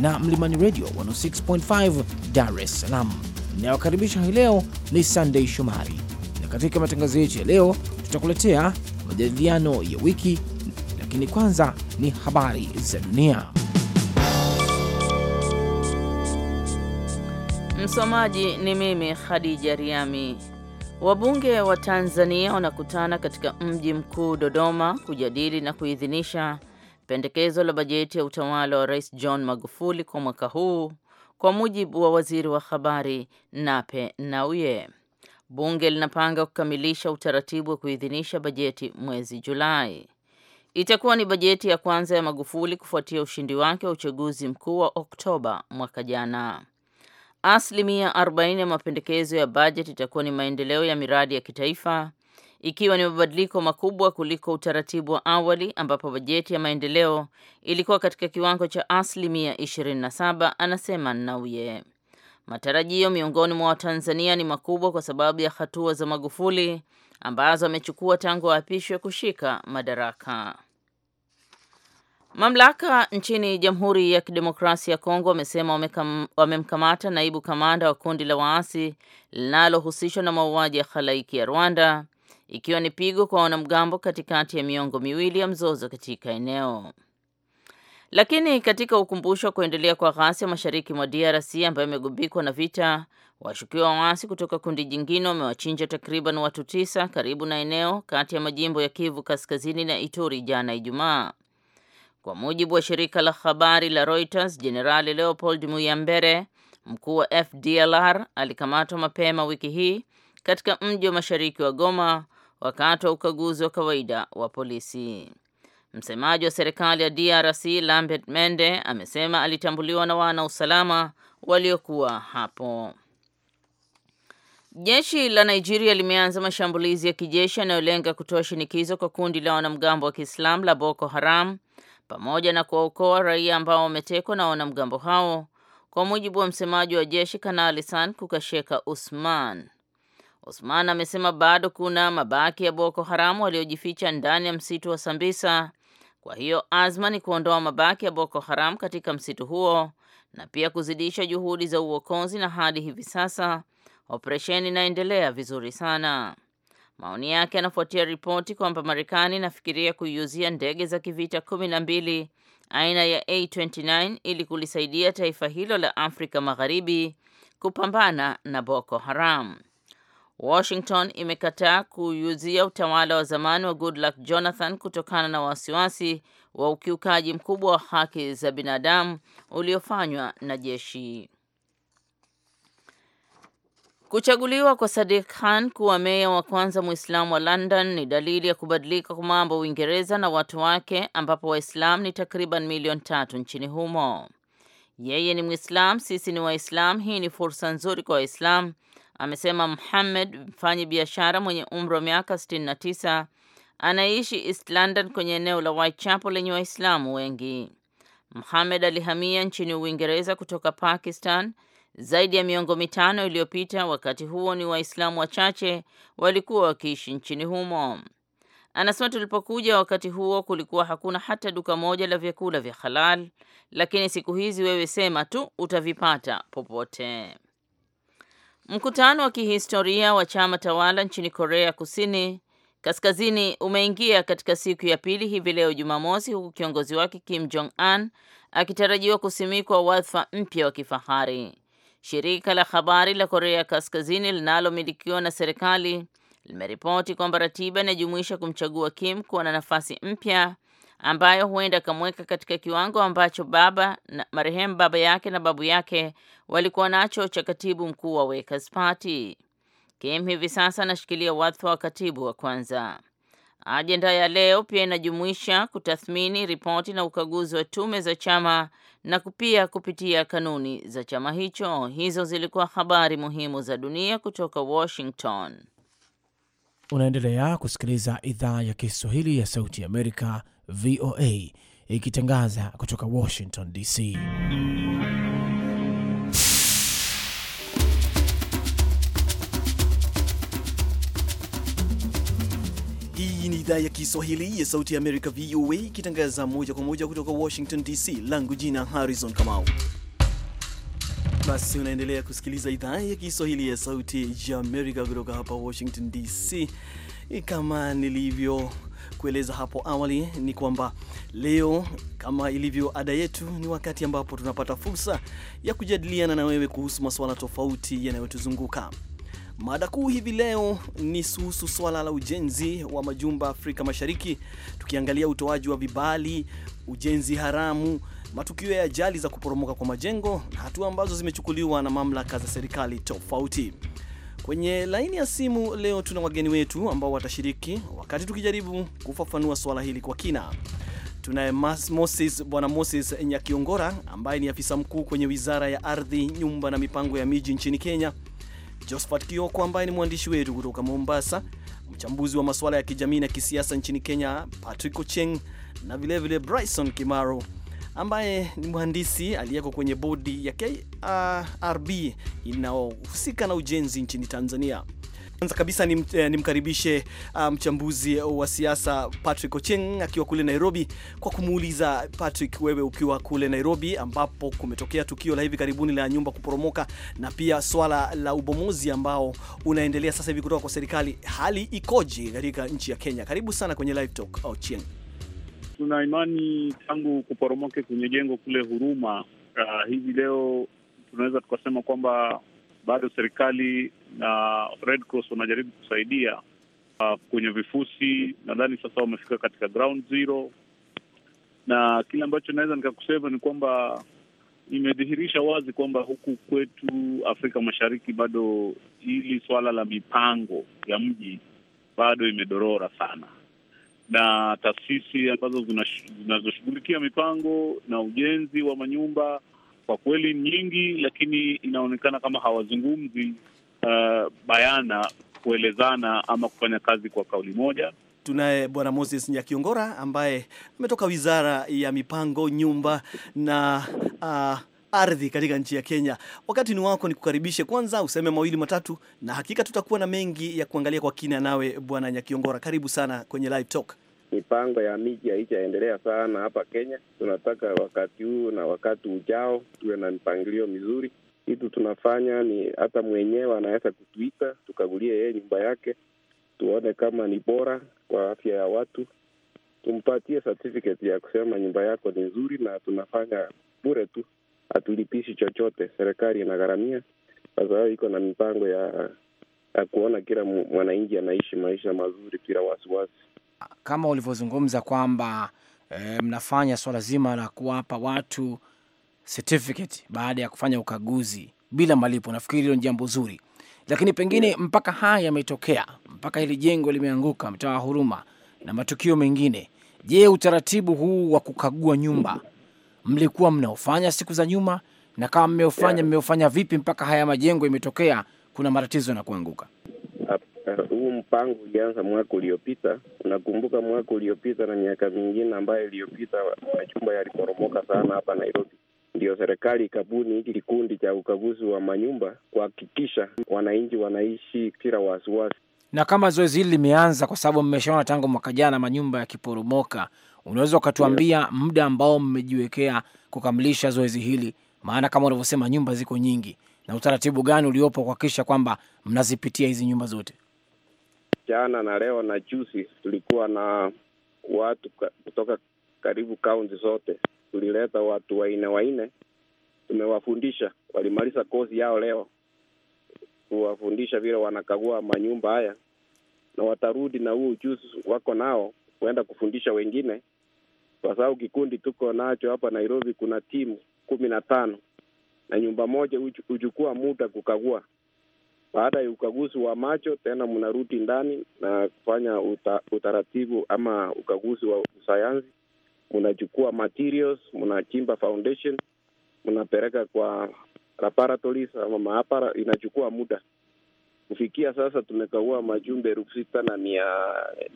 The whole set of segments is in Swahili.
na Mlimani Radio 106.5 Dar es Salaam. Inayokaribisha hii leo ni Sunday Shomari, na katika matangazo yetu ya leo tutakuletea majadiliano ya wiki, lakini kwanza ni habari za dunia. Msomaji ni mimi Khadija Riami. Wabunge wa Tanzania wanakutana katika mji mkuu Dodoma kujadili na kuidhinisha pendekezo la bajeti ya utawala wa Rais John Magufuli kwa mwaka huu, kwa mujibu wa waziri wa habari Nape nauye Bunge linapanga kukamilisha utaratibu wa kuidhinisha bajeti mwezi Julai. Itakuwa ni bajeti ya kwanza ya Magufuli kufuatia ushindi wake wa uchaguzi mkuu wa Oktoba mwaka jana. Asilimia 40 ya mapendekezo ya bajeti itakuwa ni maendeleo ya miradi ya kitaifa ikiwa ni mabadiliko makubwa kuliko utaratibu wa awali ambapo bajeti ya maendeleo ilikuwa katika kiwango cha asilimia 27, anasema Nnauye. Matarajio miongoni mwa Watanzania ni makubwa kwa sababu ya hatua za Magufuli ambazo amechukua tangu aapishwe kushika madaraka. Mamlaka nchini Jamhuri ya Kidemokrasia ya Kongo wamesema wamemkamata naibu kamanda wa kundi la waasi linalohusishwa na mauaji ya halaiki ya Rwanda ikiwa ni pigo kwa wanamgambo katikati ya miongo miwili ya mzozo katika eneo. Lakini katika ukumbusho wa kuendelea kwa ghasia mashariki mwa DRC ambayo imegubikwa na vita, washukiwa waasi kutoka kundi jingine wamewachinja takriban watu tisa karibu na eneo kati ya majimbo ya Kivu Kaskazini na Ituri jana Ijumaa. Kwa mujibu wa shirika la habari la Reuters, Jenerali Leopold Muyambere, mkuu wa FDLR, alikamatwa mapema wiki hii katika mji wa mashariki wa Goma wakati wa ukaguzi wa kawaida wa polisi. Msemaji wa serikali ya DRC Lambert Mende amesema alitambuliwa na wana usalama waliokuwa hapo. Jeshi la Nigeria limeanza mashambulizi ya kijeshi yanayolenga kutoa shinikizo kwa kundi la wanamgambo wa Kiislamu la Boko Haram pamoja na kuwaokoa raia ambao wametekwa na wanamgambo hao, kwa mujibu wa msemaji wa jeshi Kanali San Kukasheka Usman. Osman amesema bado kuna mabaki ya Boko Haramu waliojificha ndani ya msitu wa Sambisa. Kwa hiyo azma ni kuondoa mabaki ya Boko Haram katika msitu huo na pia kuzidisha juhudi za uokozi, na hadi hivi sasa operesheni inaendelea vizuri sana. Maoni yake yanafuatia ripoti kwamba Marekani inafikiria kuiuzia ndege za kivita kumi na mbili aina ya A29 ili kulisaidia taifa hilo la Afrika Magharibi kupambana na Boko Haram. Washington imekataa kuuzia utawala wa zamani wa Goodluck Jonathan kutokana na wasiwasi wa ukiukaji mkubwa wa haki za binadamu uliofanywa na jeshi. Kuchaguliwa kwa Sadiq Khan kuwa meya wa kwanza Muislamu wa London ni dalili ya kubadilika kwa mambo Uingereza na watu wake ambapo Waislamu ni takriban milioni tatu nchini humo. Yeye ni Muislamu, sisi ni Waislamu. Hii ni fursa nzuri kwa Waislamu Amesema Mohamed, mfanyi biashara mwenye umri wa miaka 69, anaishi East London kwenye eneo la Whitechapel lenye Waislamu wengi. Mohamed alihamia nchini Uingereza kutoka Pakistan zaidi ya miongo mitano iliyopita. Wakati huo ni Waislamu wachache walikuwa wakiishi nchini humo. Anasema tulipokuja wakati huo kulikuwa hakuna hata duka moja la vyakula vya halal, lakini siku hizi wewe sema tu utavipata popote. Mkutano wa kihistoria wa chama tawala nchini Korea Kusini Kaskazini umeingia katika siku ya pili hivi leo Jumamosi, huku kiongozi wake Kim Jong Un akitarajiwa kusimikwa wadhifa mpya wa kifahari. Shirika la habari la Korea Kaskazini linalomilikiwa na serikali limeripoti kwamba ratiba inajumuisha kumchagua Kim kuwa na nafasi mpya ambayo huenda ikamweka katika kiwango ambacho baba na marehemu baba yake na babu yake walikuwa nacho cha katibu mkuu wa Workers Party. Kim hivi sasa anashikilia wadhifa wa katibu wa kwanza. Ajenda ya leo pia inajumuisha kutathmini ripoti na ukaguzi wa tume za chama na pia kupitia kanuni za chama hicho. Hizo zilikuwa habari muhimu za dunia kutoka Washington. Unaendelea kusikiliza idhaa ya Kiswahili ya Sauti ya Amerika VOA ikitangaza kutoka Washington DC. Hii ni idhaa ya Kiswahili ya Sauti ya Amerika, VOA, ikitangaza moja kwa moja kutoka Washington DC. Langu jina Harrison Kamau. Basi unaendelea kusikiliza idhaa ya Kiswahili ya Sauti ya Amerika kutoka hapa Washington DC. Kama nilivyo kueleza hapo awali ni kwamba leo kama ilivyo ada yetu, ni wakati ambapo tunapata fursa ya kujadiliana na wewe kuhusu masuala tofauti yanayotuzunguka. Mada kuu hivi leo ni kuhusu swala la ujenzi wa majumba Afrika Mashariki, tukiangalia utoaji wa vibali, ujenzi haramu, matukio ya ajali za kuporomoka kwa majengo na hatua ambazo zimechukuliwa na mamlaka za serikali tofauti. Kwenye laini ya simu leo tuna wageni wetu ambao watashiriki wakati tukijaribu kufafanua swala hili kwa kina. Tunaye Moses, Bwana Moses Nyakiongora ambaye ni afisa mkuu kwenye Wizara ya Ardhi, Nyumba na Mipango ya Miji nchini Kenya, Josephat Kioko ambaye ni mwandishi wetu kutoka Mombasa, mchambuzi wa masuala ya kijamii na kisiasa nchini Kenya Patrick Ocheng na vilevile Bryson Kimaro ambaye ni mhandisi aliyeko kwenye bodi ya KRB inayohusika na ujenzi nchini Tanzania. Kwanza kabisa eh, nimkaribishe ni ah, mchambuzi um, wa siasa Patrick Ocheng akiwa kule Nairobi, kwa kumuuliza Patrick, wewe ukiwa kule Nairobi ambapo kumetokea tukio la hivi karibuni la nyumba kuporomoka na pia swala la ubomozi ambao unaendelea sasa hivi kutoka kwa serikali, hali ikoje katika nchi ya Kenya? Karibu sana kwenye Live Talk Ocheng tuna imani tangu kuporomoke kwenye jengo kule Huruma, uh, hivi leo tunaweza tukasema kwamba bado serikali na Red Cross wanajaribu kusaidia uh, kwenye vifusi. Nadhani sasa wamefika katika ground zero, na kile ambacho naweza nikakusema ni kwamba imedhihirisha wazi kwamba huku kwetu Afrika Mashariki bado hili swala la mipango ya mji bado imedorora sana na taasisi ambazo zinazoshughulikia mipango na ujenzi wa manyumba kwa kweli nyingi, lakini inaonekana kama hawazungumzi uh, bayana kuelezana ama kufanya kazi kwa kauli moja. Tunaye Bwana Moses Nyakiongora ambaye ametoka Wizara ya Mipango, Nyumba na uh, ardhi katika nchi ya Kenya. Wakati ni wako, ni kukaribishe kwanza, useme mawili matatu, na hakika tutakuwa na mengi ya kuangalia kwa kina nawe Bwana Nyakiongora. Karibu sana kwenye Live Talk mipango ya miji haijaendelea sana hapa Kenya. Tunataka wakati huu na wakati ujao tuwe na mipangilio mizuri. Kitu tunafanya ni hata mwenyewe anaweza kutuita tukagulie yeye nyumba yake, tuone kama ni bora kwa afya ya watu, tumpatie certificate ya kusema nyumba yako ni nzuri, na tunafanya bure tu, hatulipishi chochote, serikali inagharamia. Kwa sababu iko na mipango ya, ya kuona kila mwananchi anaishi maisha mazuri bila wasiwasi kama ulivyozungumza kwamba e, mnafanya swala zima la kuwapa watu certificate baada ya kufanya ukaguzi bila malipo. Nafikiri hilo ni jambo zuri, lakini pengine mpaka haya yametokea, mpaka hili jengo limeanguka, mtaa wa Huruma na matukio mengine, je, utaratibu huu wa kukagua nyumba mlikuwa mnaofanya siku za nyuma? Na kama mmeofanya, mmeofanya vipi mpaka haya majengo imetokea kuna matatizo na kuanguka? Eh, huu mpango ulianza mwaka uliopita. Unakumbuka mwaka uliopita na miaka mingine ambayo iliyopita majumba yaliporomoka sana hapa Nairobi. Ndio serikali ikabuni hiki kikundi cha ukaguzi wa manyumba kuhakikisha wananchi wanaishi kila wasiwasi. Na kama zoezi hili limeanza, kwa sababu mmeshaona tangu mwaka jana manyumba yakiporomoka, unaweza ukatuambia muda ambao mmejiwekea kukamilisha zoezi hili? Maana kama unavyosema nyumba ziko nyingi, na utaratibu gani uliopo kuhakikisha kwamba mnazipitia hizi nyumba zote? jana na leo na juzi tulikuwa na watu kutoka karibu kaunti zote, tulileta watu waine waine, tumewafundisha, walimaliza kozi yao leo, kuwafundisha vile wanakagua manyumba haya, na watarudi na huu ujuzi wako nao kuenda kufundisha wengine, kwa sababu kikundi tuko nacho hapa Nairobi kuna timu kumi na tano na nyumba moja huchukua muda kukagua baada ya ukaguzi wa macho tena mnarudi ndani na kufanya uta, utaratibu ama ukaguzi wa usayansi. Mnachukua materials, mnachimba foundation, mnapeleka kwa laboratories ama maabara. Inachukua muda kufikia sasa, tumekagua majumbe elfu sita na mia,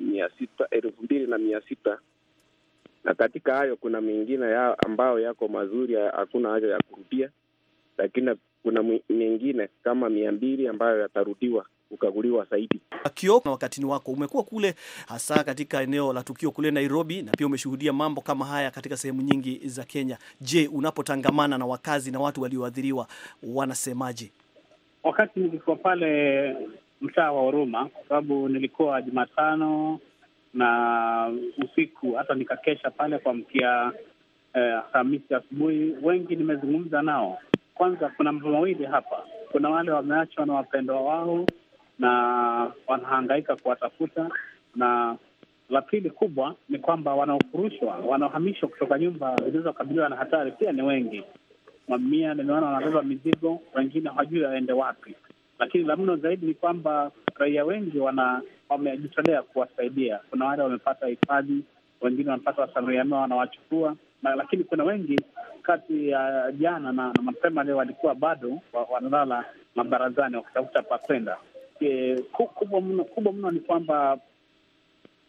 mia sita elfu mbili na mia sita na katika hayo kuna mengine ya ambayo yako mazuri, hakuna haja ya kurudia, lakini kuna mengine kama mia mbili ambayo yatarudiwa kukaguliwa zaidi. Kioko, wakati wako umekuwa kule hasa katika eneo la tukio kule Nairobi, na pia umeshuhudia mambo kama haya katika sehemu nyingi za Kenya. Je, unapotangamana na wakazi na watu walioathiriwa wanasemaje? Wakati nilikuwa pale mtaa wa Huruma, kwa sababu nilikuwa Jumatano na usiku, hata nikakesha pale kwa mkia eh, Alhamisi eh, asubuhi, wengi nimezungumza nao kwanza kuna mambo mawili hapa. Kuna wale wameachwa na wapendwa wao na wanahangaika kuwatafuta, na la pili kubwa ni kwamba wanaofurushwa, wanaohamishwa kutoka nyumba zilizokabiliwa na hatari pia ni wengi. Mamia nimeona wanabeba mizigo, wengine hawajui waende wapi. Lakini la mno zaidi ni kwamba raia wengi wana wamejitolea kuwasaidia. Kuna wale wamepata hifadhi, wengine wanapata wasamaria wanawachukua lakini kuna wengi kati ya uh, jana na, na mapema leo walikuwa bado wanalala wa mabarazani wakitafuta pakwenda. E, kubwa mno, ni kwamba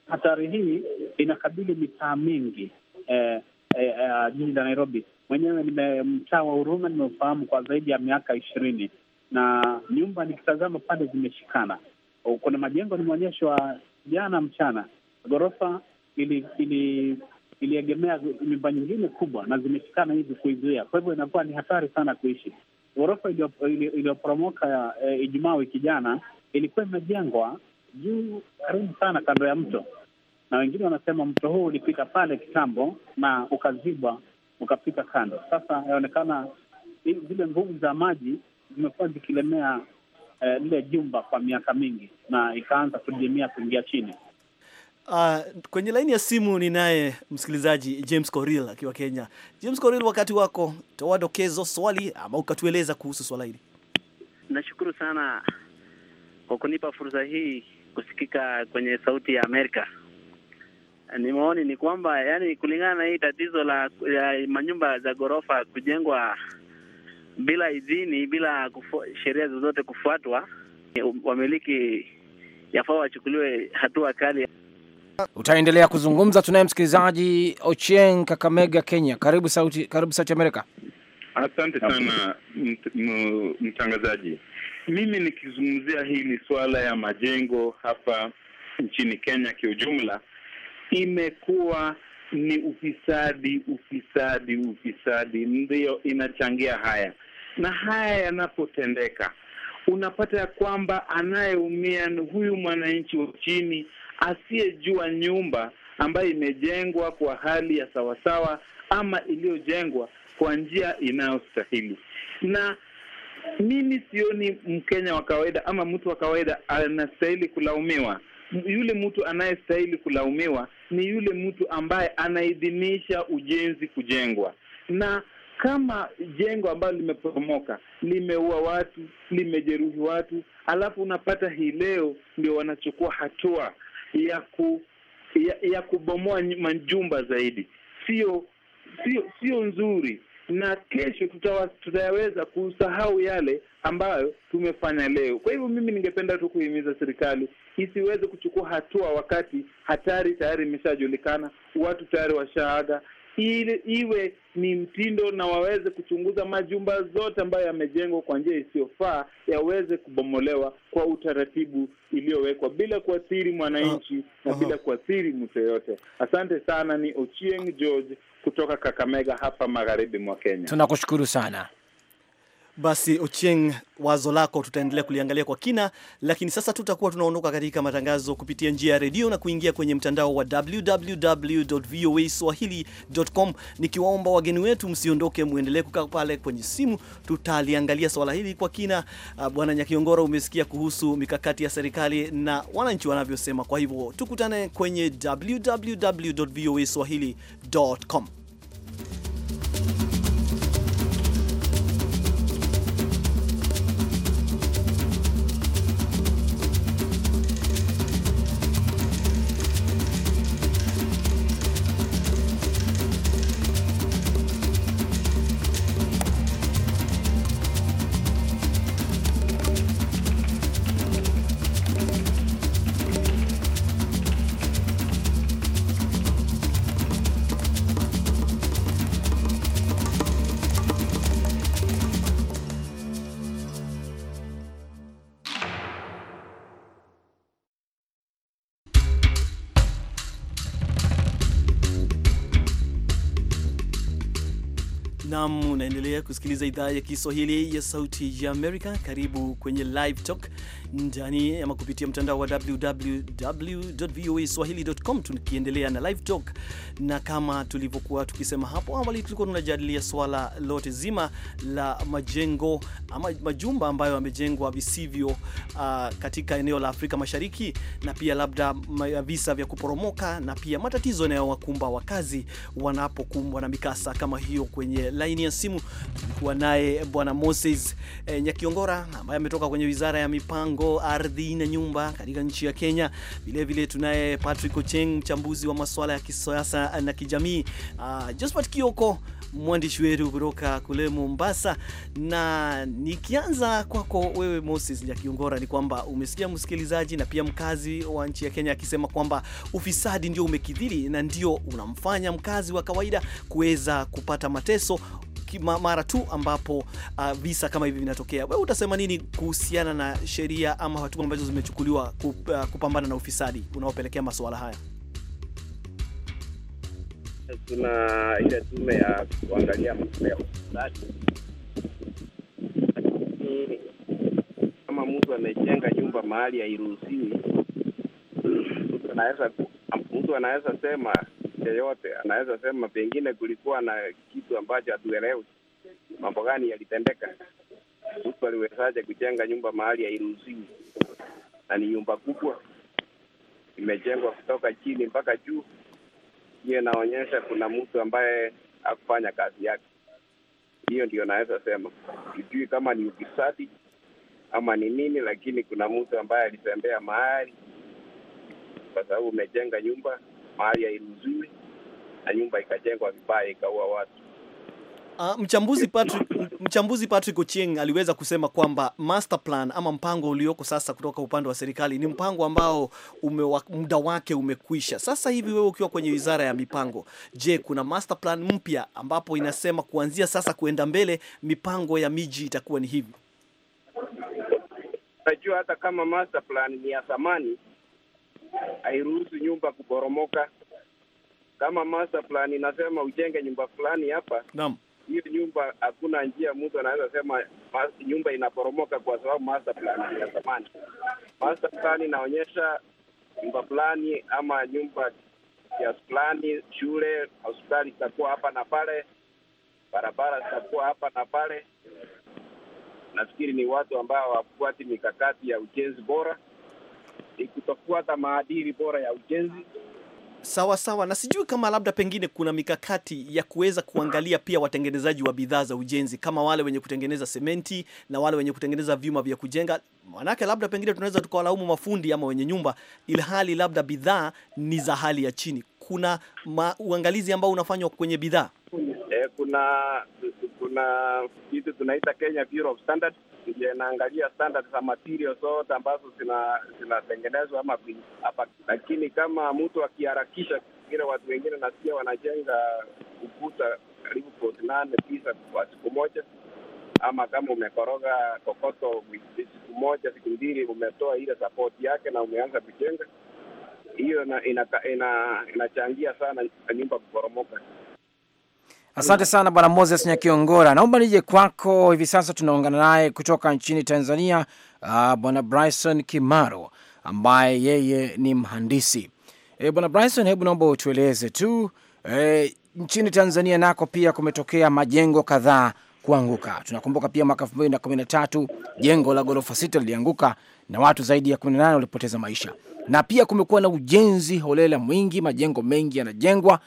hatari hii inakabili mitaa mingi e, eh, e, eh, e, eh, jiji la Nairobi. Mwenyewe nime mtaa wa Huruma nimeufahamu kwa zaidi ya miaka ishirini na nyumba nikitazama pale zimeshikana. Kuna majengo nimeonyeshwa jana mchana, ghorofa ili, ili iliegemea nyumba nyingine kubwa na zimeshikana hivi kuizuia. Kwa hivyo inakuwa ni hatari sana kuishi. Ghorofa iliyoporomoka eh, Ijumaa wiki jana ilikuwa imejengwa juu karibu sana kando ya mto, na wengine wanasema mto huu ulipita pale kitambo na ukazibwa ukapita kando. Sasa inaonekana zile nguvu za maji zimekuwa zikilemea e, lile eh, jumba kwa miaka mingi, na ikaanza kujemea kuingia chini. Uh, kwenye laini ya simu ninaye msikilizaji James Koril akiwa Kenya. James Koril, wakati wako, toa dokezo, swali ama ukatueleza kuhusu swala hili. Nashukuru sana kwa kunipa fursa hii kusikika kwenye Sauti ya Amerika. Ni maoni ni kwamba yani, kulingana na hii tatizo la manyumba za ghorofa kujengwa bila idhini, bila sheria zozote kufuatwa, wamiliki yafaa wachukuliwe hatua kali. Utaendelea kuzungumza. Tunaye msikilizaji Ochieng Kakamega, Kenya. Karibu sauti, karibu Sauti Amerika. Asante sana mtangazaji. Mimi nikizungumzia hili suala ya majengo hapa nchini Kenya kiujumla, imekuwa ni ufisadi, ufisadi, ufisadi ndiyo inachangia haya, na haya yanapotendeka unapata ya kwamba anayeumia ni huyu mwananchi wa chini asiyejua nyumba ambayo imejengwa kwa hali ya sawasawa ama iliyojengwa kwa njia inayostahili. Na mimi sioni Mkenya wa kawaida ama mtu wa kawaida anastahili kulaumiwa. Yule mtu anayestahili kulaumiwa ni yule mtu ambaye anaidhinisha ujenzi kujengwa. Na kama jengo ambalo limeporomoka limeua watu, limejeruhi watu, alafu unapata hii leo ndio wanachukua hatua ya ku ya, ya kubomoa majumba zaidi, sio sio sio nzuri, na kesho tutayaweza kusahau yale ambayo tumefanya leo. Kwa hivyo mimi ningependa tu kuhimiza serikali isiweze kuchukua hatua wakati hatari tayari imeshajulikana, watu tayari washaaga, ili iwe ni mtindo na waweze kuchunguza majumba zote ambayo yamejengwa kwa njia isiyofaa yaweze kubomolewa kwa utaratibu iliyowekwa bila kuathiri mwananchi na bila kuathiri mtu yoyote. Asante sana. Ni Ochieng George kutoka Kakamega hapa magharibi mwa Kenya. Tunakushukuru sana. Basi ocheng wazo lako tutaendelea kuliangalia kwa kina, lakini sasa tutakuwa tunaondoka katika matangazo kupitia njia ya redio na kuingia kwenye mtandao wa www.voaswahili.com, nikiwaomba wageni wetu msiondoke, mwendelee kukaa pale kwenye simu. Tutaliangalia swala hili kwa kina. Ah, Bwana Nyakiongoro, umesikia kuhusu mikakati ya serikali na wananchi wanavyosema. Kwa hivyo tukutane kwenye www.voaswahili.com. Nam, unaendelea kusikiliza idhaa ya Kiswahili ya Sauti ya Amerika. Karibu kwenye Live Talk ndani ama kupitia mtandao wa www voa swahili.com, tukiendelea na Live Talk, na kama tulivyokuwa tukisema hapo awali, tulikuwa tunajadilia swala lote zima la majengo ama majumba ambayo yamejengwa visivyo uh, katika eneo la Afrika Mashariki, na pia labda visa vya kuporomoka na pia matatizo yanayowakumba wakazi wanapokumbwa na mikasa kama hiyo kwenye laini ya simu nikuwa naye bwana Moses eh, Nyakiongora ambaye ametoka kwenye wizara ya mipango, ardhi na nyumba katika nchi ya Kenya. Vilevile tunaye Patrick Ocheng, mchambuzi wa masuala ya kisiasa na kijamii, uh, Josephat Kioko mwandishi wetu kutoka kule Mombasa. Na nikianza kwako wewe Moses Nyakiongora, ni kwamba umesikia msikilizaji na pia mkazi wa nchi ya Kenya akisema kwamba ufisadi ndio umekithiri na ndio unamfanya mkazi wa kawaida kuweza kupata mateso mara tu ambapo uh, visa kama hivi vinatokea. Wewe utasema nini kuhusiana na sheria ama hatua ambazo zimechukuliwa uh, kupambana na ufisadi unaopelekea masuala haya? Tuna ile tume ya kuangalia masuala ya ufisadi, kama mtu amejenga nyumba mahali hairuhusiwi, mtu anaweza sema yeyote anaweza sema pengine kulikuwa na kitu ambacho hatuelewi, mambo gani yalitendeka, mtu aliwezaje kujenga nyumba mahali hairuhusiwi, na ni nyumba kubwa imejengwa kutoka chini mpaka juu. Hiyo inaonyesha kuna mtu ambaye akufanya kazi yake. Hiyo ndio naweza sema, sijui kama ni ufisadi ama ni nini, lakini kuna mtu ambaye alitembea mahali, kwa sababu umejenga nyumba mahali hairuhusiwi na nyumba ikajengwa vibaya ikaua watu. Uh, mchambuzi Patrick, mchambuzi Patrick Ochieng aliweza kusema kwamba master plan ama mpango ulioko sasa kutoka upande wa serikali ni mpango ambao umewa, muda wake umekwisha. Sasa hivi wewe ukiwa kwenye wizara ya mipango, je, kuna master plan mpya ambapo inasema kuanzia sasa kuenda mbele mipango ya miji itakuwa ni hivi? Najua hata kama master plan ni ya zamani, hairuhusu nyumba kuboromoka kama master plan inasema ujenge nyumba fulani hapa, naam, hiyo nyumba hakuna njia mtu anaweza sema nyumba inaporomoka kwa sababu master plan zamani Master plan inaonyesha nyumba fulani ama nyumba kiasi fulani, shule, hospitali zitakuwa hapa na pale, barabara zitakuwa hapa na pale. Nafikiri ni watu ambao hawafuati mikakati ya ujenzi bora, ni kutofuata maadili bora ya ujenzi Sawa sawa, na sijui kama labda pengine kuna mikakati ya kuweza kuangalia pia watengenezaji wa bidhaa za ujenzi kama wale wenye kutengeneza sementi na wale wenye kutengeneza vyuma vya kujenga, manake labda pengine tunaweza tukawalaumu mafundi ama wenye nyumba, ilhali labda bidhaa ni za hali ya chini. Kuna uangalizi ambao unafanywa kwenye bidhaa kuna kuna kitu tunaita Kenya Bureau of Standards ndio inaangalia standards za material zote ambazo zinatengenezwa ama hapa, lakini kama mtu akiharakisha, kingine watu wengine nasikia wanajenga ukuta karibu futi nane tisa kwa siku moja, ama kama umekoroga kokoto siku moja siku mbili, umetoa ile sapoti yake na umeanza kujenga, hiyo inachangia ina, ina sana nyumba kuporomoka. Asante sana Bwana Moses Nyakiongora, naomba nije kwako hivi sasa. Tunaungana naye kutoka nchini Tanzania, uh, Bwana Bryson Kimaro ambaye yeye ni mhandisi. E, Bwana Bryson, hebu naomba utueleze tu e, nchini Tanzania nako pia kumetokea majengo kadhaa kuanguka. Tunakumbuka pia mwaka 2013 jengo la ghorofa sita lilianguka na watu zaidi ya 18 walipoteza maisha, na pia kumekuwa na ujenzi holela mwingi, majengo mengi yanajengwa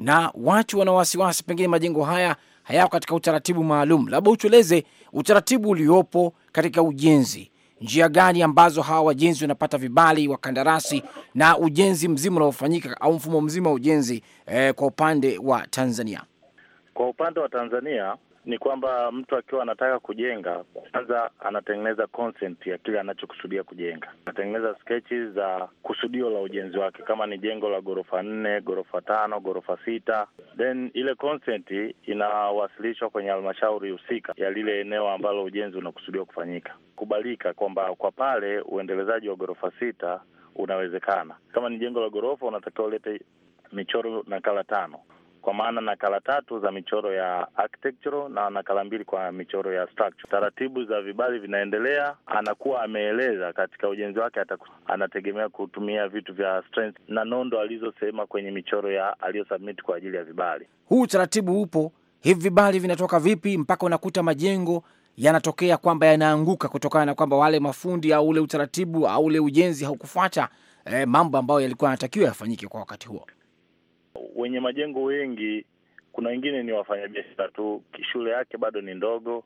na watu wana wasiwasi, pengine majengo haya hayako katika utaratibu maalum. Labda utueleze utaratibu uliopo katika ujenzi, njia gani ambazo hawa wajenzi wanapata vibali, wa kandarasi na ujenzi mzima unaofanyika au mfumo mzima wa ujenzi eh, kwa upande wa Tanzania. Kwa upande wa Tanzania ni kwamba mtu akiwa anataka kujenga, kwanza anatengeneza concept ya kile anachokusudia kujenga, anatengeneza sketchi za kusudio la ujenzi wake, kama ni jengo la ghorofa nne, ghorofa tano, ghorofa sita, then ile concept inawasilishwa kwenye halmashauri husika ya lile eneo ambalo ujenzi unakusudiwa kufanyika, kubalika kwamba kwa pale uendelezaji wa ghorofa sita unawezekana. Kama ni jengo la ghorofa, unatakiwa ulete michoro nakala tano kwa maana nakala tatu za michoro ya architectural na nakala mbili kwa michoro ya structure. Taratibu za vibali vinaendelea, anakuwa ameeleza katika ujenzi wake ataku, anategemea kutumia vitu vya strength na nondo alizosema kwenye michoro ya aliyosubmit kwa ajili ya vibali. Huu utaratibu upo. Hivi vibali vinatoka vipi mpaka unakuta majengo yanatokea kwamba yanaanguka kutokana na kwamba wale mafundi au ule utaratibu au ule ujenzi haukufuata eh, mambo ambayo yalikuwa yanatakiwa yafanyike kwa wakati huo? wenye majengo wengi, kuna wengine ni wafanyabiashara tu, shule yake bado ni ndogo,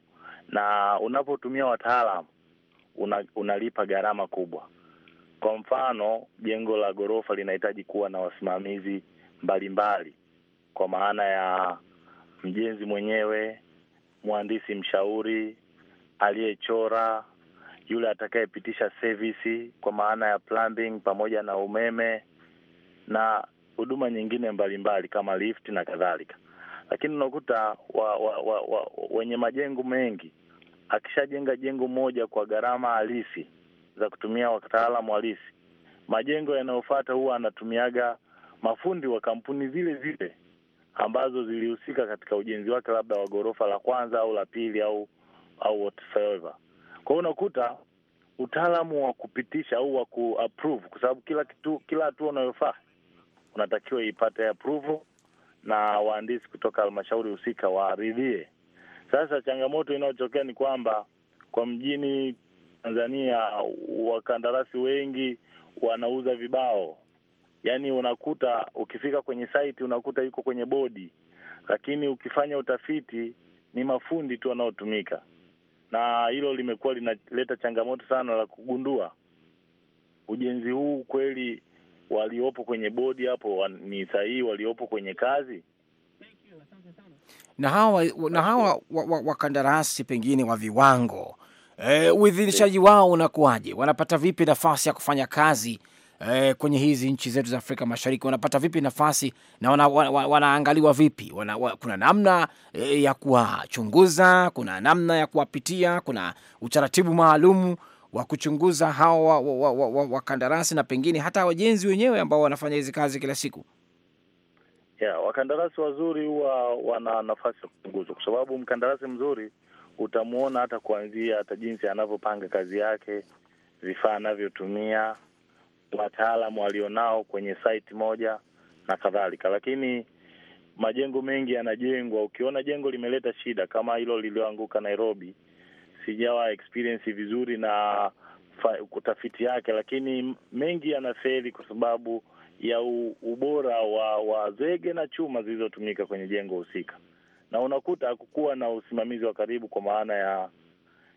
na unapotumia wataalamu una, unalipa gharama kubwa. Kwa mfano, jengo la ghorofa linahitaji kuwa na wasimamizi mbalimbali mbali, kwa maana ya mjenzi mwenyewe, mhandisi mshauri, aliyechora, yule atakayepitisha kwa maana ya plumbing pamoja na umeme, na huduma nyingine mbalimbali mbali, kama lift na kadhalika. Lakini unakuta wa, wa, wa, wa, wenye majengo mengi akishajenga jengo moja kwa gharama halisi za kutumia wataalamu halisi, majengo yanayofata huwa anatumiaga mafundi wa kampuni zile zile ambazo zilihusika katika ujenzi wake, labda wa ghorofa la kwanza au la pili au au whatsoever. Kwa hiyo unakuta utaalamu wa kupitisha au wa kuapprove, kwa sababu kila kitu, kila hatua unayofaa unatakiwa ipate approval na waandisi kutoka halmashauri husika waaridhie. Sasa changamoto inayotokea ni kwamba kwa mjini Tanzania wakandarasi wengi wanauza vibao, yaani unakuta ukifika kwenye site unakuta iko kwenye bodi, lakini ukifanya utafiti ni mafundi tu wanaotumika, na hilo limekuwa linaleta changamoto sana la kugundua ujenzi huu kweli waliopo kwenye bodi hapo ni sahihi, waliopo kwenye kazi na hawa, na hawa wakandarasi wa, wa pengine wa viwango e, uidhinishaji wao unakuwaje? Wanapata vipi nafasi ya kufanya kazi e, kwenye hizi nchi zetu za Afrika Mashariki? Wanapata vipi nafasi na wana, wana, wanaangaliwa vipi? Wana, wana, kuna namna e, ya kuwachunguza, kuna namna ya kuwapitia, kuna utaratibu maalumu wa kuchunguza hawa wakandarasi wa, wa, wa na pengine hata wajenzi wenyewe ambao wanafanya hizi kazi kila siku? Yeah, wakandarasi wazuri huwa wana nafasi ya kuchunguzwa, kwa sababu mkandarasi mzuri utamwona hata kuanzia hata jinsi anavyopanga kazi yake, vifaa anavyotumia, wataalamu walionao kwenye site moja na kadhalika. Lakini majengo mengi yanajengwa, ukiona jengo limeleta shida kama hilo lilioanguka Nairobi sijawa experience vizuri na tafiti yake, lakini mengi yanafeli kwa sababu ya ubora wa, wa zege na chuma zilizotumika kwenye jengo husika, na unakuta hakukuwa na usimamizi wa karibu kwa maana ya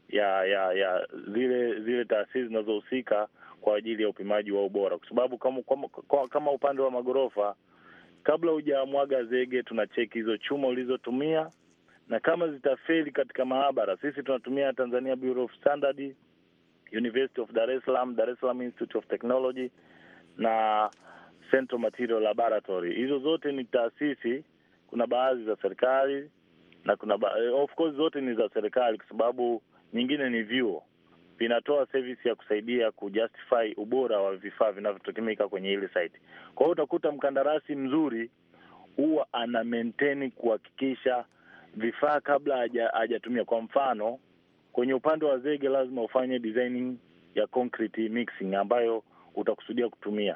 ya ya ya zile zile taasisi zinazohusika kwa ajili ya upimaji wa ubora, kwa sababu kama, kama, kama upande wa magorofa, kabla hujamwaga zege, tuna cheki hizo chuma ulizotumia na kama zitafeli katika maabara, sisi tunatumia Tanzania Bureau of Standard, University of Dar es Salaam, Dar es Salaam Institute of Technology na Central Material Laboratory. Hizo zote ni taasisi, kuna baadhi za serikali na kuna ba eh, of course zote ni za serikali, kwa sababu nyingine ni vyuo vinatoa service ya kusaidia kujustify ubora wa vifaa vinavyotumika kwenye ile site. Kwa hiyo utakuta mkandarasi mzuri huwa ana maintain kuhakikisha vifaa kabla hajatumia. Kwa mfano, kwenye upande wa zege lazima ufanye designing ya concrete mixing ambayo utakusudia kutumia.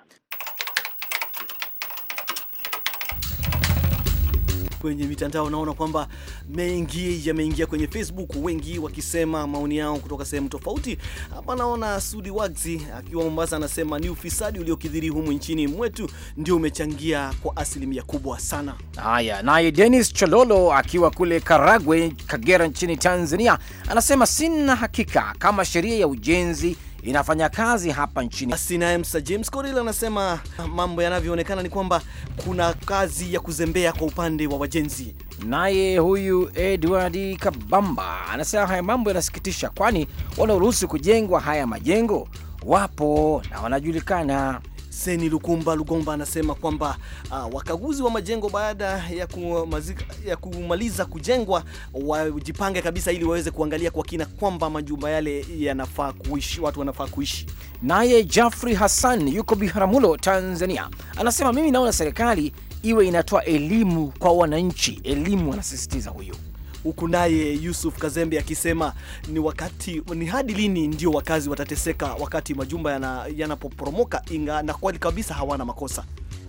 kwenye mitandao, naona kwamba mengi yameingia kwenye Facebook, wengi wakisema maoni yao kutoka sehemu tofauti. Hapa naona Sudi Wagzi akiwa Mombasa anasema ni ufisadi uliokidhiri humu nchini mwetu ndio umechangia kwa asilimia kubwa sana. Haya, naye Dennis Chololo akiwa kule Karagwe, Kagera nchini Tanzania anasema sina hakika kama sheria ya ujenzi inafanya kazi hapa nchini. Basi naye Msa James Coril anasema mambo yanavyoonekana ni kwamba kuna kazi ya kuzembea kwa upande wa wajenzi. Naye huyu Edward Kabamba anasema haya mambo yanasikitisha, kwani wanaoruhusu kujengwa haya majengo wapo na wanajulikana. Seni Lukumba Lugomba anasema kwamba uh, wakaguzi wa majengo baada ya, kumazika, ya kumaliza kujengwa wajipange kabisa ili waweze kuangalia kwa kina kwamba majumba yale yanafaa kuishi, watu wanafaa kuishi. Naye Jafri Hassan yuko Biharamulo, Tanzania, anasema mimi naona serikali iwe inatoa elimu kwa wananchi. Elimu anasisitiza huyo huku naye Yusuf Kazembe akisema ni wakati ni hadi lini ndio wakazi watateseka wakati majumba yanapoporomoka yana inga na kweli kabisa hawana makosa.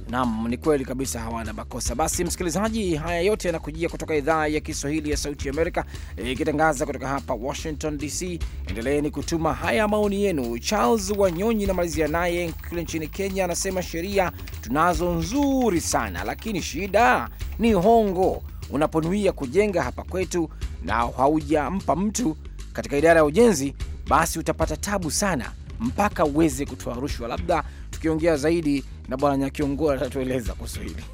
Naam, ni kweli kabisa hawana makosa. Basi msikilizaji, haya yote yanakujia kutoka idhaa ya Kiswahili ya Sauti ya Amerika eh, ikitangaza kutoka hapa Washington DC. Endeleeni kutuma haya maoni yenu. Charles Wanyonyi namalizia naye kule nchini Kenya, anasema sheria tunazo nzuri sana, lakini shida ni hongo unaponuia kujenga hapa kwetu na haujampa mtu katika idara ya ujenzi, basi utapata tabu sana mpaka uweze kutoa rushwa. Labda tukiongea zaidi na Bwana Nyakiongora atatueleza kuhusu hili.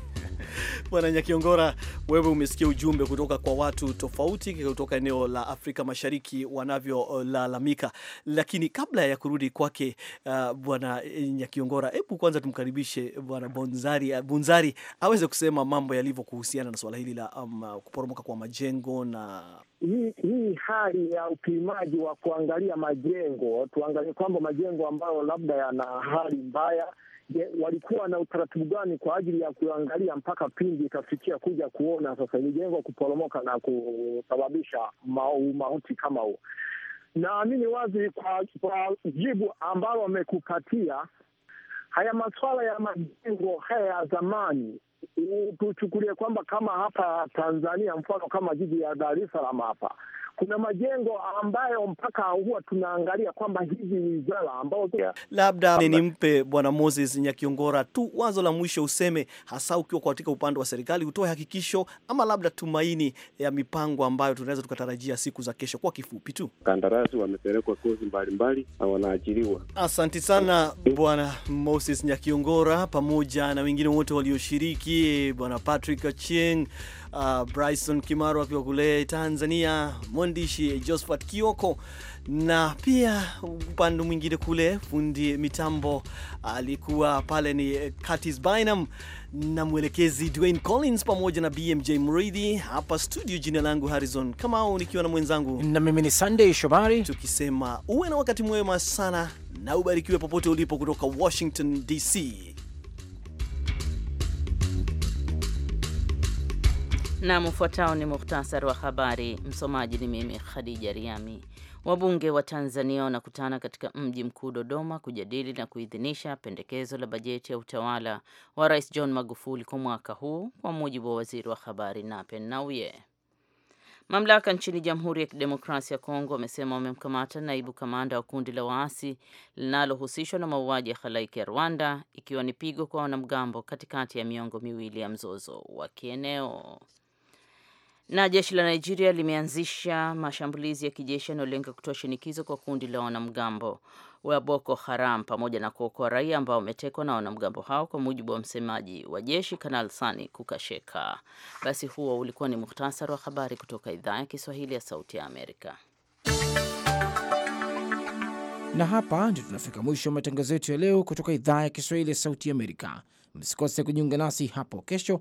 Bwana Nyakiongora, wewe umesikia ujumbe kutoka kwa watu tofauti kutoka eneo la Afrika Mashariki wanavyolalamika, lakini kabla ya kurudi kwake uh, bwana Nyakiongora, hebu kwanza tumkaribishe bwana Bunzari, uh, Bunzari aweze kusema mambo yalivyo kuhusiana na suala hili la um, kuporomoka kwa majengo na hii, hii hali ya upimaji wa kuangalia majengo. Tuangalie kwamba majengo ambayo labda yana hali mbaya Je, walikuwa na utaratibu gani kwa ajili ya kuangalia mpaka pindi ikafikia kuja kuona sasa ilijengwa kuporomoka na kusababisha mauti kama huo? Naamini wazi kwa, kwa jibu ambalo wamekupatia haya masuala ya majengo haya ya zamani, tuchukulie kwamba kama hapa Tanzania, mfano kama jiji ya Dar es Salaam hapa kuna majengo ambayo mpaka huwa tunaangalia kwamba hizi wizara ambao labda nimpe Bwana Moses Nyakiongora tu wazo la mwisho, useme hasa ukiwa katika upande wa serikali, utoe hakikisho ama labda tumaini ya mipango ambayo tunaweza tukatarajia siku za kesho. Kwa kifupi tu, kandarasi wamepelekwa kozi mbalimbali na wanaajiriwa. Asante sana Bwana Moses Nyakiongora pamoja na wengine wote walioshiriki, Bwana Patrick Acheng uh, Bryson Kimarwa akiwa kule Tanzania, mwandishi Josephat Kioko na pia upande mwingine kule fundi mitambo alikuwa pale ni Curtis Bynum na mwelekezi Dwayne Collins pamoja na BMJ Mridhi. Hapa studio, jina langu Harrison Kamau nikiwa na mwenzangu, na mimi ni Sunday Shomari, tukisema uwe na wakati mwema sana na ubarikiwe popote ulipo, kutoka Washington DC. na mfuatao ni muhtasari wa habari. Msomaji ni mimi Khadija Riami. Wabunge wa Tanzania wanakutana katika mji mkuu Dodoma kujadili na kuidhinisha pendekezo la bajeti ya utawala wa Rais John Magufuli kwa mwaka huu, kwa mujibu wa waziri wa habari Nape Nnauye. Mamlaka nchini Jamhuri ya Kidemokrasia ya Kongo wamesema wamemkamata naibu kamanda wa kundi la waasi linalohusishwa na mauaji ya halaiki ya Rwanda, ikiwa ni pigo kwa wanamgambo katikati ya miongo miwili ya mzozo wa kieneo. Na jeshi la Nigeria limeanzisha mashambulizi ya kijeshi yanayolenga kutoa shinikizo kwa kundi la wanamgambo wa Boko Haram pamoja na kuokoa raia ambao wametekwa na wanamgambo hao, kwa mujibu wa msemaji wa jeshi Kanal Sani Kukasheka. Basi huo ulikuwa ni muhtasari wa habari kutoka idhaa ya Kiswahili ya Sauti ya Amerika. Na hapa ndio tunafika mwisho wa matangazo yetu ya leo kutoka idhaa ya Kiswahili ya Sauti ya Amerika. Msikose kujiunga nasi hapo kesho